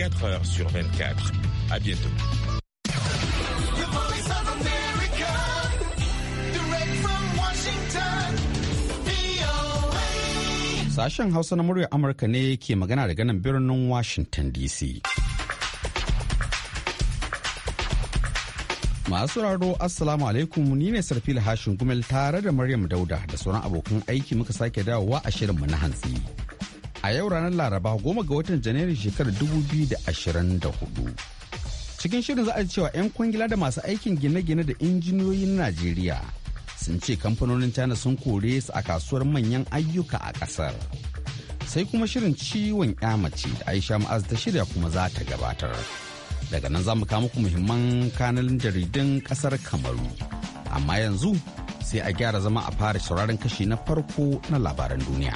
24 heures sur 24. À bientôt. Sashen Hausa na muryar Amurka ne ke magana da ganin birnin Washington DC. Masu raro Assalamu alaikum ni ne Sarfil Hashin Gumel tare da Maryam Dauda da sauran abokan aiki muka sake dawowa a shirinmu na hantsi. a yau ranar laraba goma ga watan janairun shekarar 2024 cikin shirin za a cewa 'yan kwangila da masu aikin gine-gine da injiniyoyin najeriya sun ce kamfanonin china sun kore su a kasuwar manyan ayyuka a kasar sai kuma shirin ciwon mace da aisha ma'az ta shirya kuma za ta gabatar daga nan za mu kawo muku muhimman kanalin jaridun kasar kamaru amma yanzu sai a gyara zama a fara sauraron kashi na farko na labaran duniya.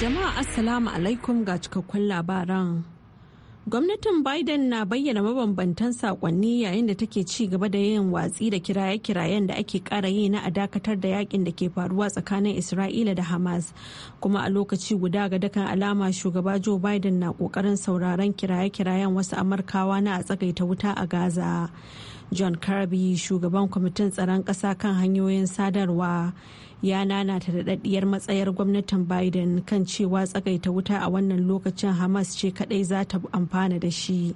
Jama'a Assalamu alaikum ga cikakkun labaran. Gwamnatin Biden na bayyana mabambantan sakonni yayin da take ci gaba da yin watsi da kiraye-kirayen da ake kara yi na a dakatar da yakin da ke faruwa tsakanin Isra'ila da Hamas. Kuma a lokaci guda ga dakan alama shugaba Joe Biden na kokarin sauraron kiraye-kirayen wasu Amurkawa na a tsagaita wuta a Gaza. John Kirby, shugaban kwamitin tsaron kasa kan hanyoyin sadarwa. ya nanata daɗaɗɗiyar matsayar gwamnatin biden kan cewa tsagaita wuta a wannan lokacin hamas ce kadai za ta amfana da shi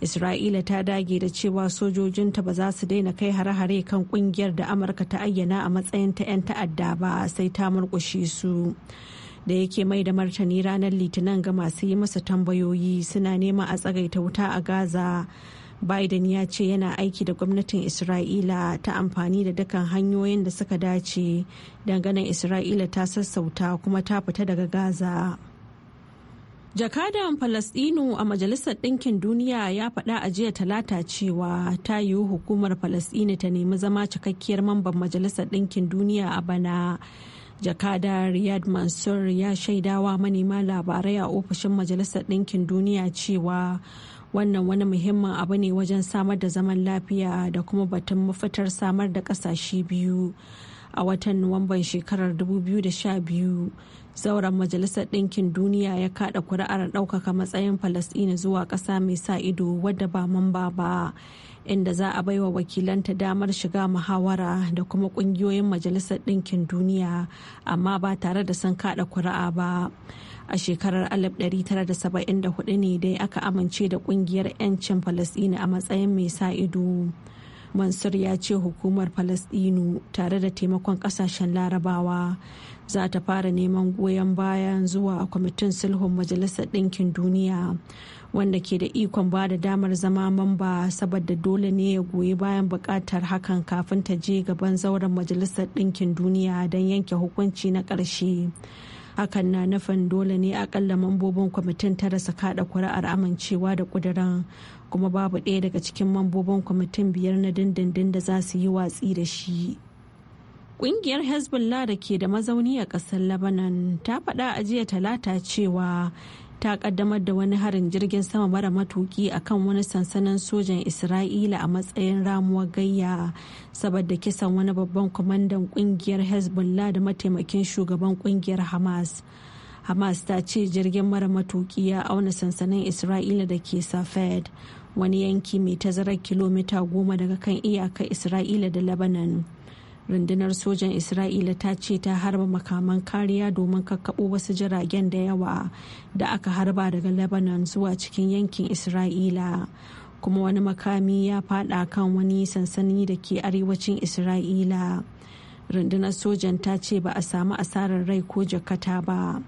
isra'ila ta dage da cewa sojojinta ba za su daina kai hare-hare kan kungiyar da amurka ta ayyana a matsayin ta 'yan ta'adda ba sai ta murkushe su da yake mai da martani ranar litinin ga masu yi masa tambayoyi suna neman a tsagaita wuta a gaza biden ya ce yana aiki da gwamnatin isra'ila ta amfani da dukkan hanyoyin da suka dace danganan isra'ila ta sassauta kuma ta fita daga gaza jakadan falasdino a majalisar ɗinkin duniya ya faɗa a jiya talata cewa ta yiwu hukumar falastinu ta nemi zama cikakkiyar mamban majalisar ɗinkin duniya a bana jakada riyad mansur ya shaidawa manema labarai a ofishin majalisar ɗinkin duniya cewa wannan wani muhimmin abu ne wajen samar da zaman lafiya da kuma batun mafitar samar da kasashe biyu a watan nuwamban shekarar 2012 zauren majalisar ɗinkin duniya ya kada kuri'ar ɗaukaka matsayin falasɗina zuwa ƙasa mai sa ido wadda ba mamba ba inda za a baiwa wakilanta damar shiga muhawara da kuma ƙungiyoyin majalisar ɗinkin duniya amma ba tare da sun kada kuri'a ba. a shekarar 1974 ne dai aka amince da kungiyar 'yancin falasɗinu a matsayin mai sa ido mansur ya ce hukumar falasɗinu tare da taimakon kasashen larabawa za ta fara neman goyon bayan zuwa a kwamitin sulhun majalisar ɗinkin duniya wanda ke da ikon ba da damar zama mamba saboda dole ne ya goyi bayan buƙatar hakan kafin ta je gaban zauren majalisar ɗinkin duniya don yanke hukunci na ƙarshe. hakan na nufin dole ne akalla mambobin kwamitin ta rasa kada kuri'ar amincewa da kudirin kuma babu ɗaya daga cikin mambobin kwamitin biyar na dindindin da za su yi watsi da shi Ƙungiyar Hezbollah da ke da mazauni a ƙasar Lebanon ta faɗa a jiya talata cewa ta kaddamar da wani harin jirgin sama mara matuki akan wani sansanin sojan isra'ila a matsayin ramuwar gayya saboda kisan wani babban kwamandan kungiyar hezbollah da mataimakin shugaban kungiyar hamas hamas ta ce jirgin mara matuki ya auna sansanin isra'ila da ke safed wani yanki mai tazarar kilomita goma daga kan iyakar isra'ila da lebanon rundunar sojan isra'ila ta ce ta harba makaman kariya domin kakkaɓo wasu jiragen da yawa da aka harba daga lebanon zuwa cikin yankin isra'ila kuma wani makami ya fada kan wani sansani da ke arewacin isra'ila rundunar sojan ta ce ba a samu asarar rai ko jakata ba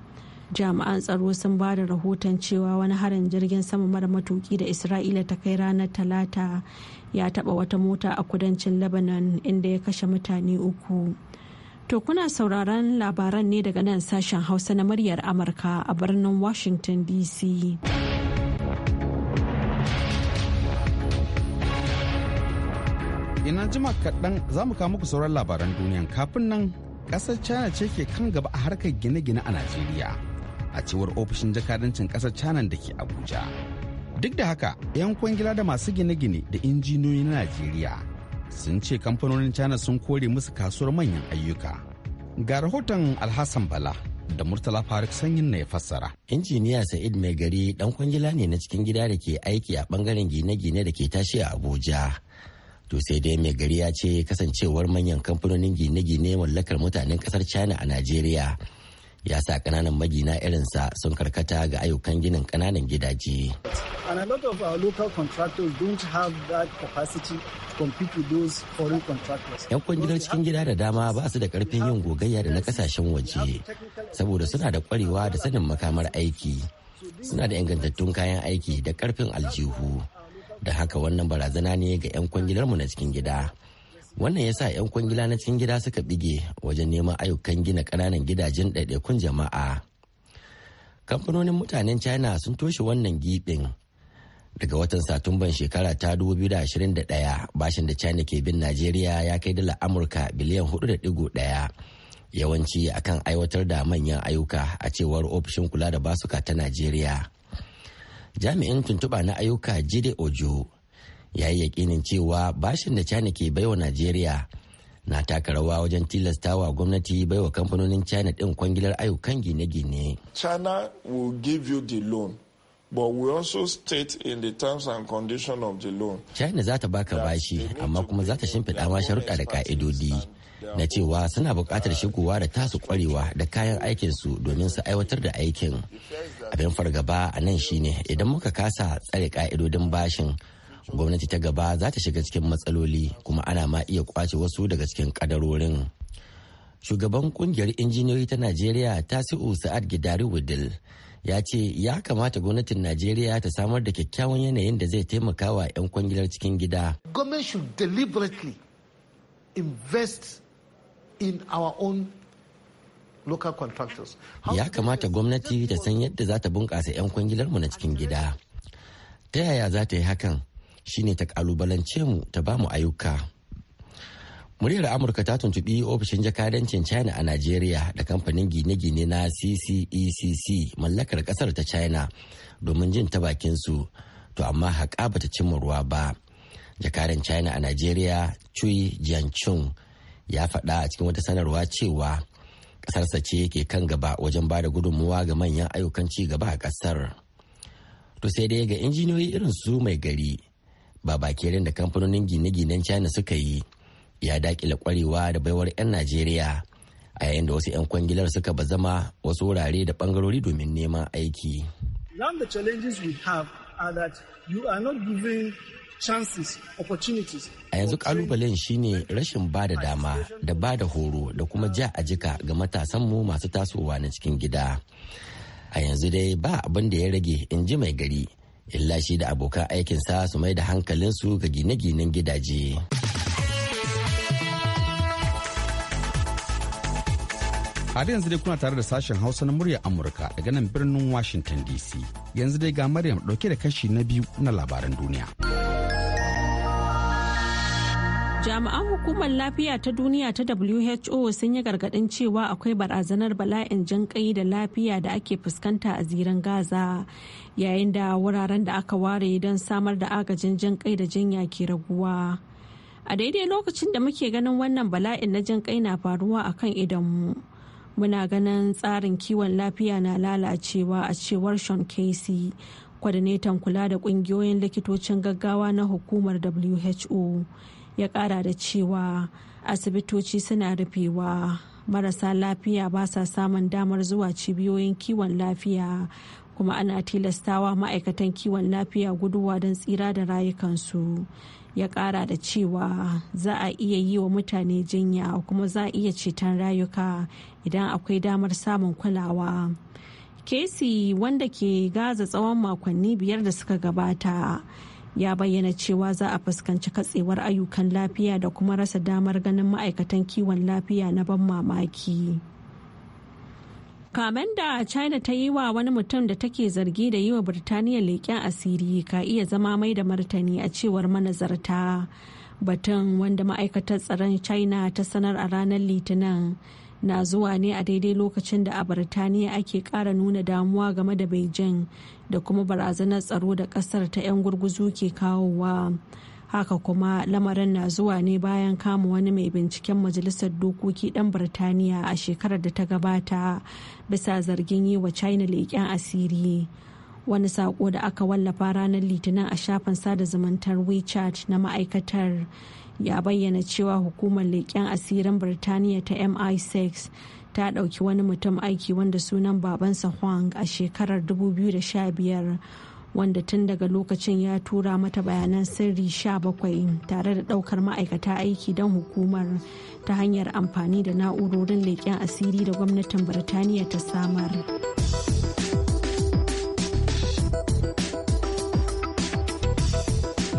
jami'an tsaro sun ba da rahoton cewa wani harin jirgin sama mara matuki da isra'ila ta kai ranar talata ya taba wata mota a kudancin lebanon inda ya kashe mutane uku to kuna sauraron labaran ne daga nan sashen hausa na muryar amurka a birnin washington dc ina jima kaɗan za mu kawo muku sauran labaran duniya kafin nan ƙasar china ce ke kan gaba a harkar gine-gine a najeriya a cewar ofishin jakadancin ƙasar china da ke abuja duk da haka 'yan kwangila da masu gine-gine da injiniyoyi na najeriya sun ce kamfanonin china sun kore musu kasuwar manyan ayyuka ga rahoton alhassan bala da murtala faruk sanyin na ya fassara injiniya sa'id mai gari dan kwangila ne na cikin gida da ke aiki a bangaren gine-gine da ke tashi a abuja to sai dai mai gari ya ce kasancewar manyan kamfanonin gine-gine mallakar mutanen kasar china a najeriya ya sa kananan magina irinsa sun karkata ga ayyukan ginin kananan gidaje. And contractors don't have that Yan kwangilar cikin gida da dama ba su da karfin yin gogayya da na kasashen waje saboda suna da kwarewa da sanin makamar aiki. Suna da ingantattun kayan aiki da karfin aljihu. Da haka wannan barazana ne ga 'yan kwangilarmu na cikin gida. wannan ya sa 'yan kwangila na cikin gida suka bige wajen neman ayyukan gina kananan gidajen ɗaiɗaikun jama'a kamfanonin mutanen china sun toshe wannan giɓin daga watan satumban shekara ta 2021 bashin da china ke bin najeriya ya kai dala amurka biliyan 4.1 yawanci akan aiwatar da manyan ayyuka a cewar ofishin kula da basuka ta najeriya jami'in tuntuɓa na ayyuka jide ojo ya yi yakinin cewa bashin da china ke baiwa najeriya na taka rawa wajen tilastawa gwamnati baiwa kamfanonin china din kwangilar ayyukan gine-gine china will give you the loan but we also state in the terms and condition of the loan china za ta baka bashi amma kuma za ta shimfiɗa ma sharuɗa da ka'idodi na cewa suna buƙatar shigowa da tasu ƙwarewa da kayan aikinsu domin su aiwatar da aikin abin fargaba a nan shine idan muka kasa tsare ka'idodin bashin gwamnati ta gaba za ta shiga cikin matsaloli kuma ana ma iya kwace wasu daga cikin kadarorin shugaban kungiyar injiniyoyi ta najeriya tasi'u sa'ad gidari wudil ya ce ya kamata gwamnatin najeriya ta samar da kyakkyawan yanayin da zai taimaka wa 'yan kwangilar cikin gida ya kamata gwamnati ta san yadda za ta bunƙasa 'yan kwangilar mu na cikin gida ta yaya za ta yi hakan shine ta kalubalance mu ta ba mu ayyuka muryar amurka ta tuntuɓi ofishin jakadancin china a najeriya da kamfanin gine-gine na ccecc e mallakar ƙasar ta china domin jin ta bakinsu to amma haƙa ba ta cimma ruwa ba jakadan china a najeriya Chui Jianchun ya faɗa a cikin wata sanarwa cewa ƙasarsa ce ke kan gaba wajen ba da gudunmuwa ga manyan ayyukan ci gaba a ƙasar to sai dai ga injiniyoyi irin su mai gari babakerin da kamfanonin gine-ginen china suka yi ya dakila kwarewa da baiwar 'yan najeriya a yayin da wasu 'yan kwangilar suka bazama wasu wurare da bangarori domin neman aiki A yanzu kalubalen shine rashin ba da dama da ba da horo da kuma ja a jika ga matasanmu masu tasowa na cikin gida. A yanzu dai ba abin da ya rage in ji mai gari illa shi da abokan aikinsa su mai da hankalinsu ga gine-ginen gidaje. har yanzu dai kuna tare da sashen hausa na murya amurka daga nan birnin washington dc yanzu dai ga maryam dauke da kashi na biyu na labaran duniya. jami'an hukumar lafiya ta duniya ta who sun yi gargadin cewa akwai barazanar bala'in jan kai da lafiya da ake fuskanta a ziran gaza yayin da wuraren da aka ware don samar da agajin jan kai da jinya ke raguwa a daidai lokacin da muke ganin wannan bala'in na jan kai na faruwa a kan idanmu muna ganin tsarin kiwon lafiya na lalacewa a cewar sean casey kwadanetan kula da kungiyoyin likitocin gaggawa na hukumar who ya kara da cewa asibitoci suna rufewa marasa lafiya ba sa samun damar zuwa cibiyoyin kiwon lafiya kuma ana tilastawa ma'aikatan kiwon lafiya guduwa don tsira da rayukansu ya kara da cewa za a iya yi wa mutane jinya kuma za a iya ceton rayuka idan akwai damar samun kulawa kesi wanda ke gaza tsawon makonni biyar da suka gabata ya bayyana cewa za a fuskanci katsewar ayyukan lafiya da kuma rasa damar ganin ma'aikatan kiwon lafiya na ban mamaki. kamen da china ta yi wa wani mutum da take zargi da yi wa birtaniya leƙen asiri ka iya zama mai da martani a cewar manazarta batun wanda ma'aikatar tsaron china ta sanar a ranar litinin na zuwa ne a daidai lokacin da a Birtaniya ake kara nuna damuwa game da Beijing da kuma barazanar tsaro da kasar ta 'yan gurguzu ke kawowa. Haka kuma lamarin na zuwa ne bayan kama wani mai binciken Majalisar Dokoki dan Birtaniya a shekarar da ta gabata bisa zargin yi wa China leƙen asiri. wani sako da aka wallafa ranar litinin a shafin sada zumuntar wechat na ma'aikatar ya bayyana cewa hukumar leƙen asirin birtaniya ta mi6 ta ɗauki wani mutum aiki wanda sunan babansa huang a shekarar 2015 wanda tun daga lokacin ya tura mata bayanan sirri 17 tare da ɗaukar ma'aikata aiki don hukumar ta hanyar amfani da na'urorin leƙen asiri da gwamnatin birtaniya ta samar.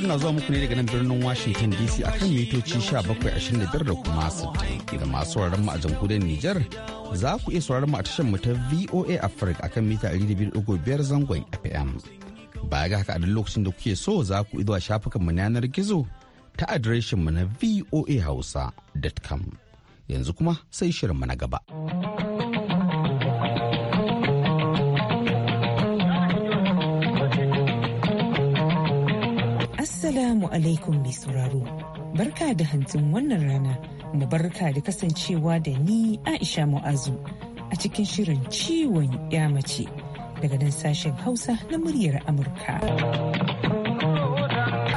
shirin na zuwa muku ne daga nan birnin Washington DC akan mitoci 1725 da kuma 60. Idan masu sauraron mu a jamhuriyar Nijar za ku iya sauraron mu a tashar mu ta VOA Africa akan mita 200.5 zangon FM. Baya ga haka a duk lokacin da kuke so za ku zuwa shafukan mu yanar gizo ta adireshin mu na voahausa.com. Yanzu kuma sai shirin mu na gaba. Assalamu alaikum mai sauraro. Barka da hantun wannan rana, na barka da kasancewa da ni Aisha Mu'azu a cikin shirin ciwon ya mace daga nan sashen Hausa na muryar Amurka.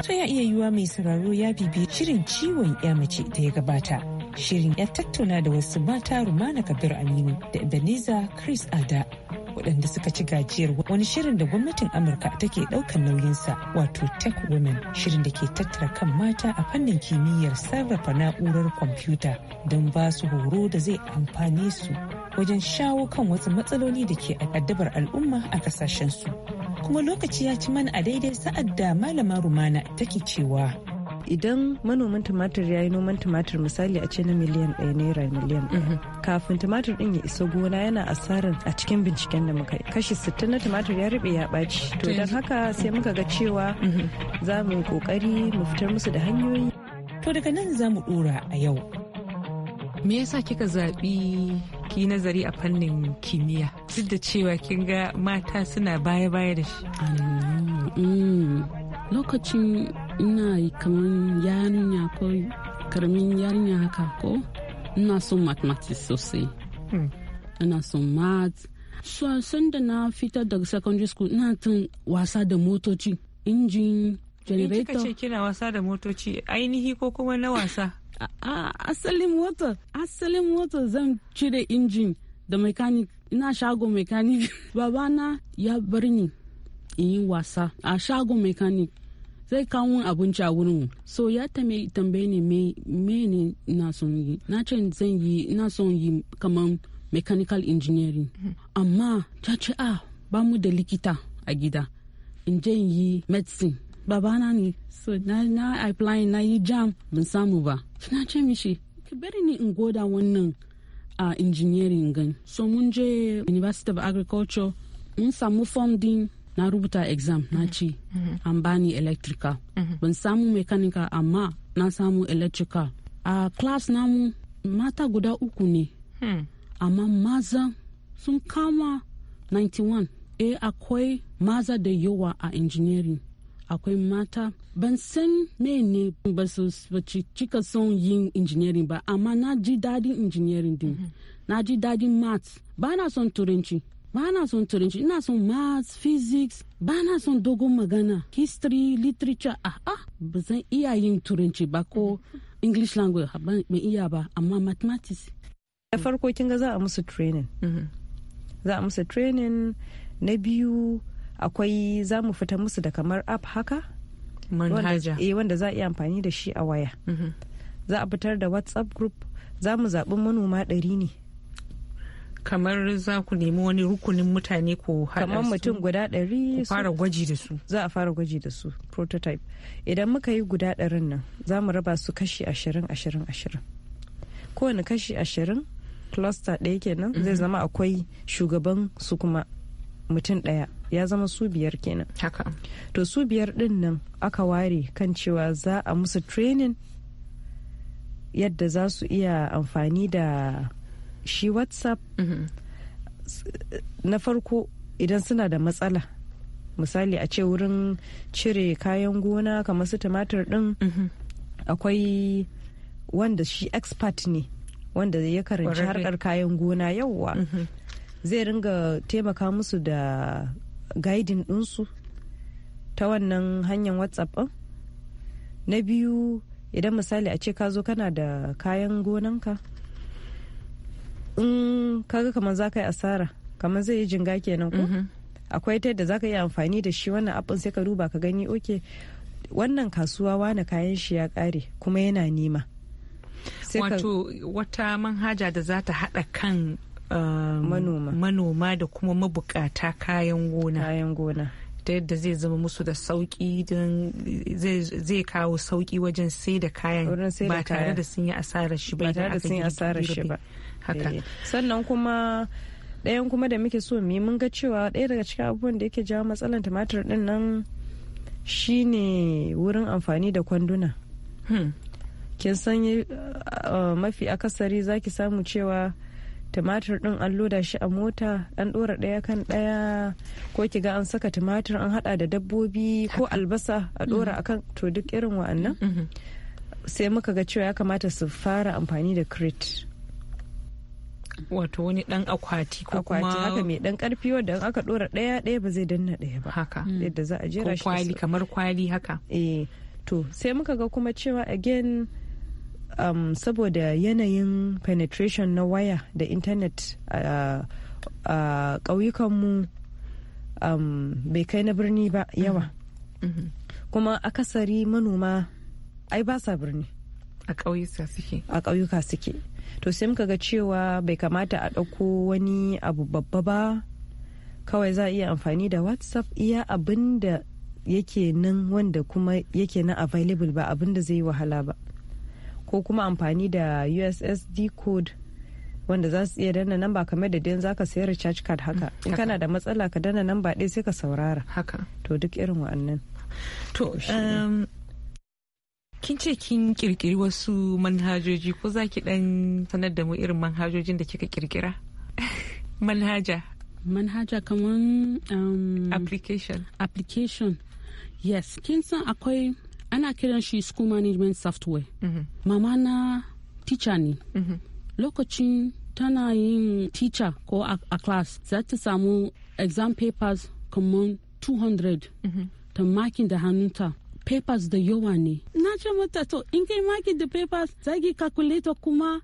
Ta ya iya yiwa mai sauraro ya bibi shirin ciwon ya mace da ya gabata. Shirin ya tattauna da wasu mata Rumana Kabir Aminu da Ebenezer Chris Ada waɗanda suka ci gajiyar wani shirin da gwamnatin amurka take ɗaukar nauyinsa wato tech women shirin da ke tattara kan mata a fannin kimiyyar sarrafa na'urar kwamfuta don ba su horo da zai amfane su wajen shawo kan wasu matsaloli da ke addabar al'umma a kasashensu kuma lokaci ya ci mana a daidai sa'ad da malama rumana take cewa idan manoman tumatir ya yi noman tumatir misali a ce na miliyan ɗaya naira miliyan mhm. kafin tumatir ɗin ya isa gona yana asarar a cikin binciken da muka yi kashi sittin na tumatir ya ruɓe ya ɓaci to don haka sai muka ga cewa mhm. za mu ƙoƙari mu fitar musu da hanyoyi to daga nan za mu ɗora a yau me yasa kika zaɓi ki nazari a fannin kimiyya duk da cewa kin ga mata suna baya-baya da shi mm. lokacin ina kamar yarinya ko karamin yarinya haka ko ina son mathematics sosai hmm. ina son math so sanda na fita daga secondary school ina tun wasa da motoci injin generator kika ce kina wasa da motoci ainihi ko kuma na wasa asalin motor asalin motor zan cire injin da mechanic ina shago mechanic babana ya bar ni in yi wasa a shago mechanic zai kawo abinci a wurin so ya tambaye ni me ne na son yi na ce zan yi na son yi kamar mechanical engineering amma ta ce a ah, ba mu da likita a gida in je yi medicine babana ne so na na apply na yi jam ban samu ba na ce mishi ki bari ni in goda wannan a engineering gan so mun je university of agriculture mun samu funding na rubuta exam na mhm. ce mhm. an bani electrical mhm. ban samu mechanical amma na samu electrical a class namu mata guda uku ne hmm. amma maza sun kama 91 eh akwai maza da yawa a engineering akwai mata ban san ne ba su cika son yin engineering ba amma na ji dadin engineering din na ji dadin maths ba na son turanci ba na son turanci ina son maths physics ba son dogon magana history literature ah ah ba zan iya yin turanci ba ko english language ban iya ba amma mathematics da farko kin ga za a musu training mm-hmm. za a musu training na biyu akwai za mu fita musu da kamar app haka manhaja eh wanda za a iya amfani da shi a waya mm-hmm. za a fitar da whatsapp group za mu zaɓi manoma ɗari ne kamar za ku nemi wani rukunin mutane ko haɗa kamar mutum guda ɗari fara gwaji da su za a fara gwaji da su prototype idan muka yi guda ɗarin nan za mu raba su kashi ashirin ashirin ashirin kowane kashi ashirin cluster ɗaya kenan zai mhm. zama akwai shugaban su kuma mutum ɗaya ya zama su biyar kenan haka to su biyar ɗin nan aka ware kan cewa za a musu training yadda za su iya amfani da shi whatsapp mm-hmm. na farko idan suna da matsala misali a ce wurin cire kayan gona kamar su tumatir din mm-hmm. akwai wanda shi expert ne wanda ya karanci harkar kayan gona yauwa mm-hmm. zai ringa taimaka musu da guiding dinsu ta wannan hanyar whatsapp din na biyu idan misali a ce ka zo kana da kayan gonanka in kaga kamar za ka yi asara kamar zai yi jinga kenan ko mhm. akwai ta yadda za ka yi amfani da shi wannan abin sai ka duba ka gani oke wannan kasuwa wani kayan shi ya kare kuma yana nima wato wata manhaja da za ta haɗa kan um, manoma da kuma mabukata kayan gona kayan gona ta yadda zai zama musu da sauki don zai kawo sauki wajen sai da kayan ba tare da sun yi asarar shi ba ba tare da sun yi asarar shi ba haka eh, sannan kuma ɗayan kuma da muke so mu mun ga cewa ɗaya daga cikin abubuwan da yake jawo matsalar tumatir ɗin nan shine wurin amfani da kwanduna hmm. kin san uh, uh, mafi akasari zaki samu cewa tumatir ɗin an loda shi a mota an ɗora ɗaya kan ɗaya ko ki ga an saka tumatir an haɗa da dabbobi ko albasa a ɗora hmm. akan to duk irin wa'annan hmm. sai muka ga cewa ya kamata su fara amfani da crate wato wani dan akwati ko kuma akwati haka mai dan karfi wanda aka dora daya daya ba zai danna daya ba haka mm. yadda za a jera shi kwali kamar kwali haka eh to sai muka ga kuma cewa again um, saboda yanayin penetration na waya da intanet a ƙauyukanmu um, bai kai na birni ba mm-hmm. yawa mm-hmm. kuma akasari manoma ai ba sa birni a ƙauyuka suke a ƙauyuka suke to sai muka ga cewa bai kamata a ɗauko wani abu babba ba kawai za a iya amfani da whatsapp iya abin da yake nan wanda kuma yake nan available ba abin da zai yi wahala ba ko kuma amfani da ussd code wanda za su iya danna namba kamar da dan zaka sayar recharge card haka mm, in kana da matsala ka danna namba ɗaya sai ka saurara haka to duk irin wa'annan to kin ce kin kirkiri wasu manhajoji ko za ki dan sanar da mu irin manhajojin da kika kirkira manhaja manhaja kaman um, application application yes kin san akwai ana kiran shi school management software mm -hmm. mama na teacher ne mm -hmm. lokacin tana yin teacher ko a, a class za ta samu exam papers kaman 200 mm -hmm. ta makin da hannunta papers da yawa ne na ce mata to in kai maki da papers ki calculator kuma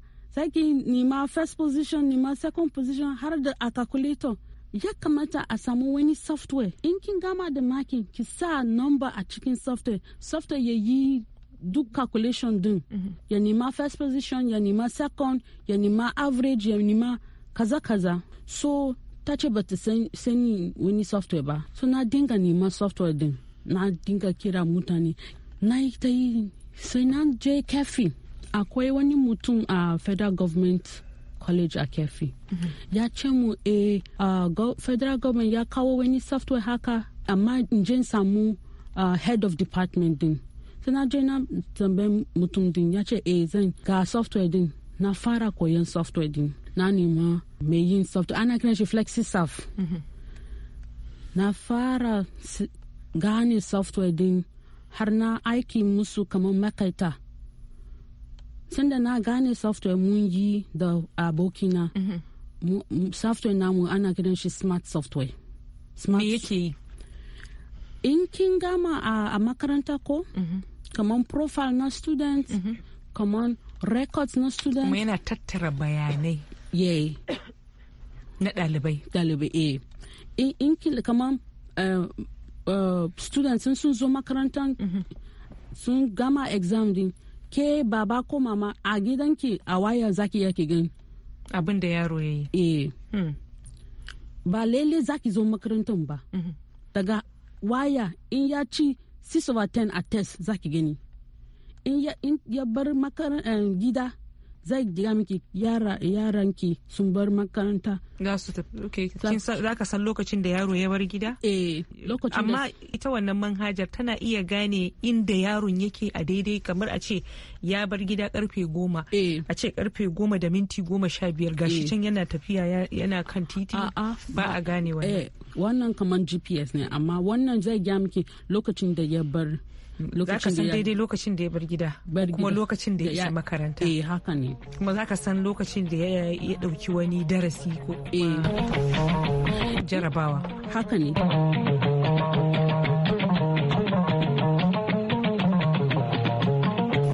ki nima first position nima second position har da a calculator ya kamata a samu wani software in kin gama da maki ki sa number a cikin software software ya yi duk calculation din mhm. ya nima first position ya nima second ya nima average ya nima kaza kaza so ta ce ba ta sani wani software ba so na dinga nima software din na dinga kira mutane na yi ta yi sai na je kefi akwai wani mutum a federal government college a kefi mhm. ya ce mu e federal government ya kawo wani software haka amma in je samu head of department din sai na je na tambayi mutum din ya ce e zan ga software din na fara koyon software din na nema mai yin software ana kiran shi flexi mhm. na fara gane software din har na aiki musu kamar makaita sanda na gane software mun yi da abokina mhm. software namu ana kiran shi smart software smart me yake in kin gama a, makaranta ko mhm. kamar profile na student mhm. kamar records na student kuma yana tattara bayanai yeah. na ɗalibai ɗalibai eh in, kin kamar eh, Uh, students sun zo makarantar mhm. sun gama exam din ke baba ko mama a gidanki a waya zaki yake gani abin da yaro ya yi eh hmm. ba lele zaki zo makarantar ba mhm. daga waya in ya ci 6 over 10 a test zaki gani in ya bar makarantar eh, gida zai gida miki yara ki sun bar makaranta za su tafi za ka san lokacin da yaro ya bar gida eh lokacin amma ita wannan manhajar tana iya gane inda yaron yake a daidai kamar a ce ya bar gida karfe goma eh. a ce karfe goma da minti goma sha biyar gashi eh. can yana tafiya yana kan titi ba a gane wannan eh, wannan kamar gps ne amma wannan zai gya miki lokacin da ya bar za ka san daidai lokacin da ya bar gida kuma lokacin da ya isa makaranta eh haka ne kuma za san lokacin da ya dauki wani darasi ko eh. jarabawa haka ne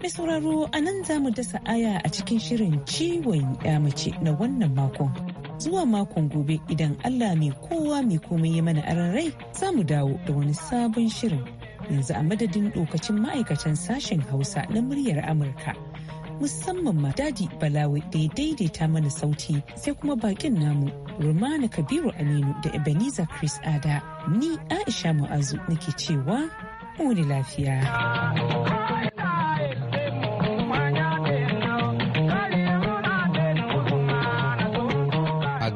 sauraro a nan za mu dasa aya a cikin shirin ciwon ya mace na wannan makon. zuwa makon gobe idan Allah mai kowa mai komai ya mana aran rai za mu dawo da wani sabon shirin yanzu a madadin lokacin ma'aikatan sashen hausa na muryar amurka musamman ma dadi balawi da ya daidaita mana sauti sai kuma bakin namu rumana kabiru aminu da ebenezer chris ada ni aisha mu'azu nake cewa ne lafiya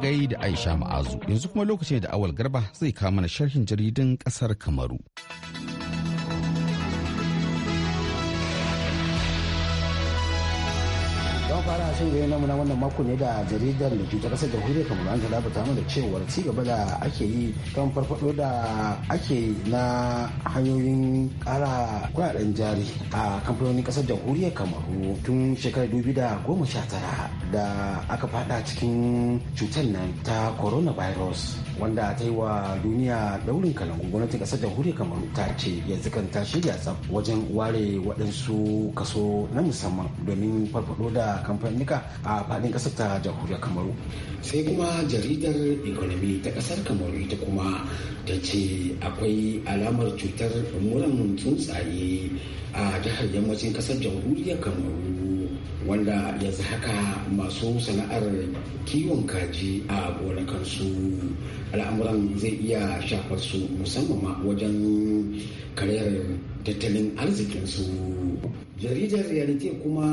gai aisha ma'azu yanzu kuma lokacin da awal garba zai kawo mana sharhin jaridan kasar kamaru fara shan gari namu wannan mako ne da jaridar da ta kasar jamhuriyar kamar an talaba ta da cewar ci gaba da ake yi kan farfado da ake na hanyoyin kara kudaden jari a kamfanonin kasar jamhuriyar kamaru tun shekarar 2019 da goma sha tara da aka fada cikin cutar nan ta coronavirus wanda ta yi wa duniya daurin kalangu gwamnatin kasar jamhuriyar kamar ta ce yanzu kan ta shirya tsaf wajen ware waɗansu kaso na musamman domin farfado da kamfanonin kamfanika a faɗin ƙasar ta jamhuriyar kamaru sai kuma jaridar economy ta ƙasar kamaru ita kuma ta ce akwai alamar cutar muran tsuntsaye a jihar yammacin ƙasar jamhuriyar kamaru wanda yanzu haka masu sana'ar kiwon kaji a gonakansu al'amuran zai iya shafar su musamman ma wajen karyar tattalin arzikinsu jaridar realite kuma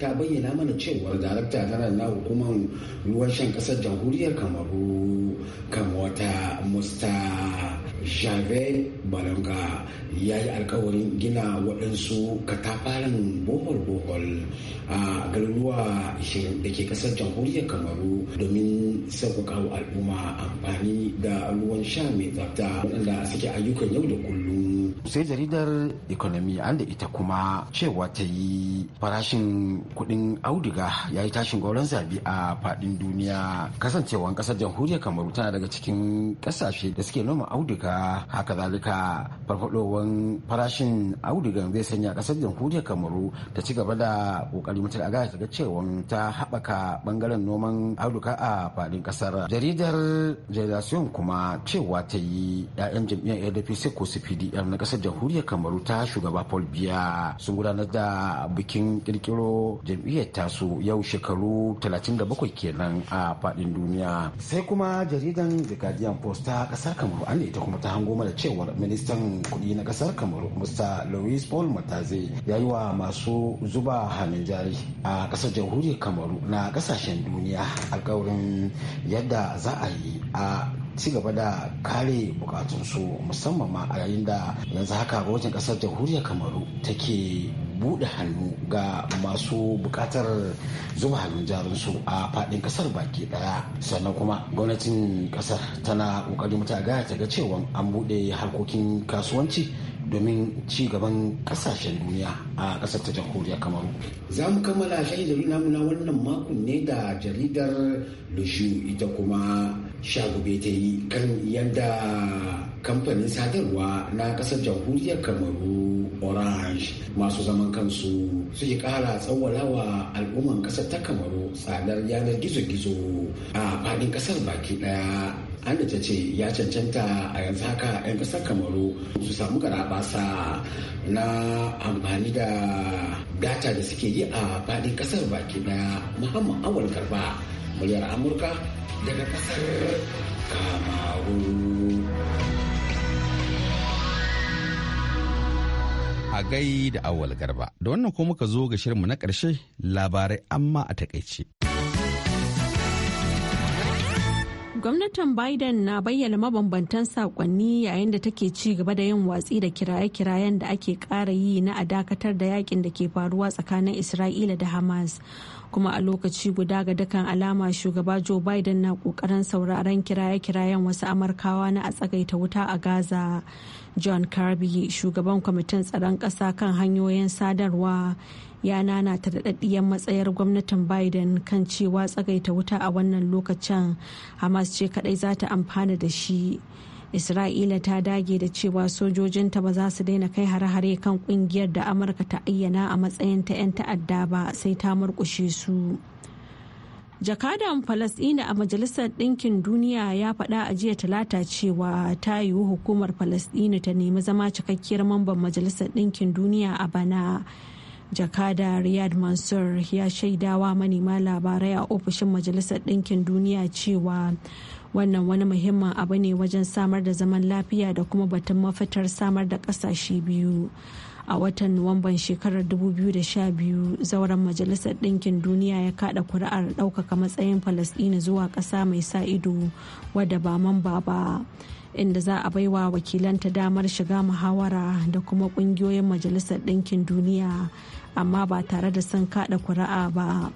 ta bayyana mana cewar darakta tana na hukumar ruwan shan kasar jamhuriyar kamaru kan wata musta javel balanga ya yi alkawarin gina waɗansu katafaren bohol-bohol a ah, garuruwa da ke kasar jamhuriyar kamaru domin sauƙaƙa wa al'umma amfani da ruwan sha mai tsafta waɗanda suke ayyukan yau da kullum sai jaridar economy an da ita kuma cewa ta yi farashin kuɗin auduga ya yi tashin gauran zabi a faɗin duniya kasancewar kasar jamhuriyar kamaru tana daga cikin kasashe da suke noma auduga haka zalika farfadowar farashin audugan zai sanya kasar jamhuriyar kamaru ta ci gaba da ƙoƙari mutum a gaya ta cewa ta haɓaka bangaren noman auduga a faɗin ƙasar jaridar jaridar kuma cewa ta yi 'ya'yan jam'iyyar adp sai ko su pdm na kasar jamhuriyar kamaru ta shugaba paul biya sun gudanar da bikin kirkiro jam'iyyar tasu yau shekaru 37 kenan a fadin duniya sai kuma jaridan the guardian post ta kasar kamaru an ita kuma ta hango mana cewar ministan kudi na kasar kamaru mr louis paul mataze ya yi wa masu zuba hannun jari a kasar jamhuriyar kamaru na kasashen duniya alkawarin yadda za a yi a ci gaba da kare bukatunsu musamman ma a yayin da yanzu haka gwamnatin kasar jamhuriyar kamaru take bude hannu ga masu buƙatar zuba hannun jarinsu a fadin ƙasar baki ɗaya sannan kuma gwamnatin ƙasar tana ƙoƙarin mata gaya ta ga cewa an bude harkokin kasuwanci domin ci gaban kasashen duniya a ƙasar ta jamhuriya kamaru. Za mu kammala shayin da na wannan makon ne da jaridar Lushu ita kuma shagube ta yi kan yadda kamfanin sadarwa na kasar jamhuriyar kamaru orange masu zaman kansu suke kara wa al'umman kasar ta kamaru tsadar yanar gizo-gizo a faɗin kasar baki ɗaya, an ta ce ya cancanta a yanzu haka 'yan kasar kamaru su samu garabasa na amfani da data da suke yi a faɗin kasar baki ɗaya, muhammad awal karba muryar amurka daga a gai da awal garba da wannan kuma muka zo ga shirinmu na ƙarshe labarai amma a takaice gwamnatin biden na bayyana mabambantan saƙonni yayin da take ci gaba da yin watsi da kiraye-kirayen da ake ƙara yi na a dakatar da yakin da ke faruwa tsakanin isra'ila da hamas kuma a lokaci guda ga dukkan alama shugaba joe biden na kokarin sauraron kiraye-kirayen wasu amurkawa na a tsagaita wuta a gaza john kirby shugaban kwamitin tsaron ƙasa kan hanyoyin sadarwa ya ta daɗaɗɗiyar matsayar gwamnatin biden kan cewa tsagaita wuta a wannan lokacin hamas ce kaɗai za ta amfana da shi isra'ila ta dage da cewa sojojinta ba za su daina kai hare-hare kan kungiyar da amurka ta ayyana a matsayin ta 'yan ta'adda ba sai ta murkushe su jakadan falasdina a majalisar ɗinkin duniya ya faɗa a jiya talata cewa ta yiwu hukumar falasdina ta nemi zama cikakkiyar mamban majalisar ɗinkin duniya a bana jakada riyad mansur ya shaidawa manema labarai a ofishin majalisar ɗinkin duniya cewa wannan wani muhimmin abu ne wajen samar da zaman lafiya da kuma batun mafitar samar da ƙasashe biyu a watan nuwamban shekarar 2012 zauren majalisar ɗinkin duniya ya kada kuri'ar ɗaukaka matsayin falasɗina zuwa ƙasa mai sa ido wadda ba mamba ba inda za a baiwa wakilanta damar shiga muhawara da kuma ƙungiyoyin majalisar ɗinkin duniya amma ba tare da sun kada kuri'a ba.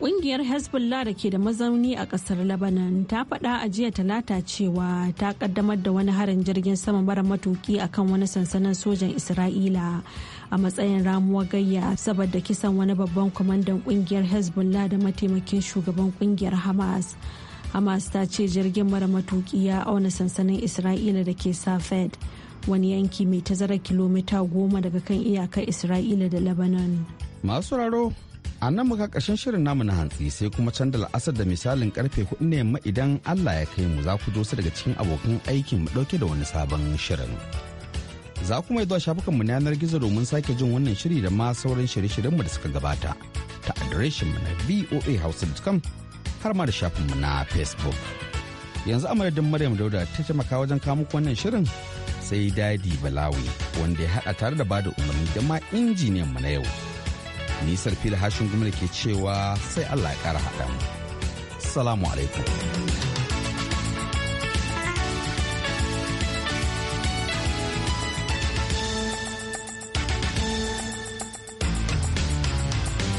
Ƙungiyar Hezbollah da ke da mazauni a ƙasar Lebanon ta faɗa a jiya talata cewa ta ƙaddamar da wani harin jirgin sama mara matuki akan wani sansanin sojan Isra'ila a matsayin ramuwar gayya saboda kisan wani babban kwamandan ƙungiyar Hezbollah da mataimakin shugaban ƙungiyar Hamas. Hamas ta ce jirgin mara matuki ya auna sansanin Isra'ila da ke Safed wani yanki mai tazara kilomita goma daga kan iyakar Isra'ila da Lebanon. Masu raro a nan muka ƙarshen shirin namu na hantsi sai kuma can da la'asar da misalin karfe hudu ne yamma idan allah ya kai mu za ku dosa daga cikin abokan aikin mu ɗauke da wani sabon shirin za kuma zuwa shafukanmu na yanar gizo domin sake jin wannan shiri da ma sauran shirye mu da suka gabata ta adireshinmu na voahouse.com har ma da mu na facebook yanzu a madadin maryam dauda ta taimaka wajen kamo wannan shirin sai dadi balawi wanda ya haɗa tare da bada umarni da ma mu na yau nisar fil hashin gumna ke cewa sai allah ya kara haɗa mu salamu alaikum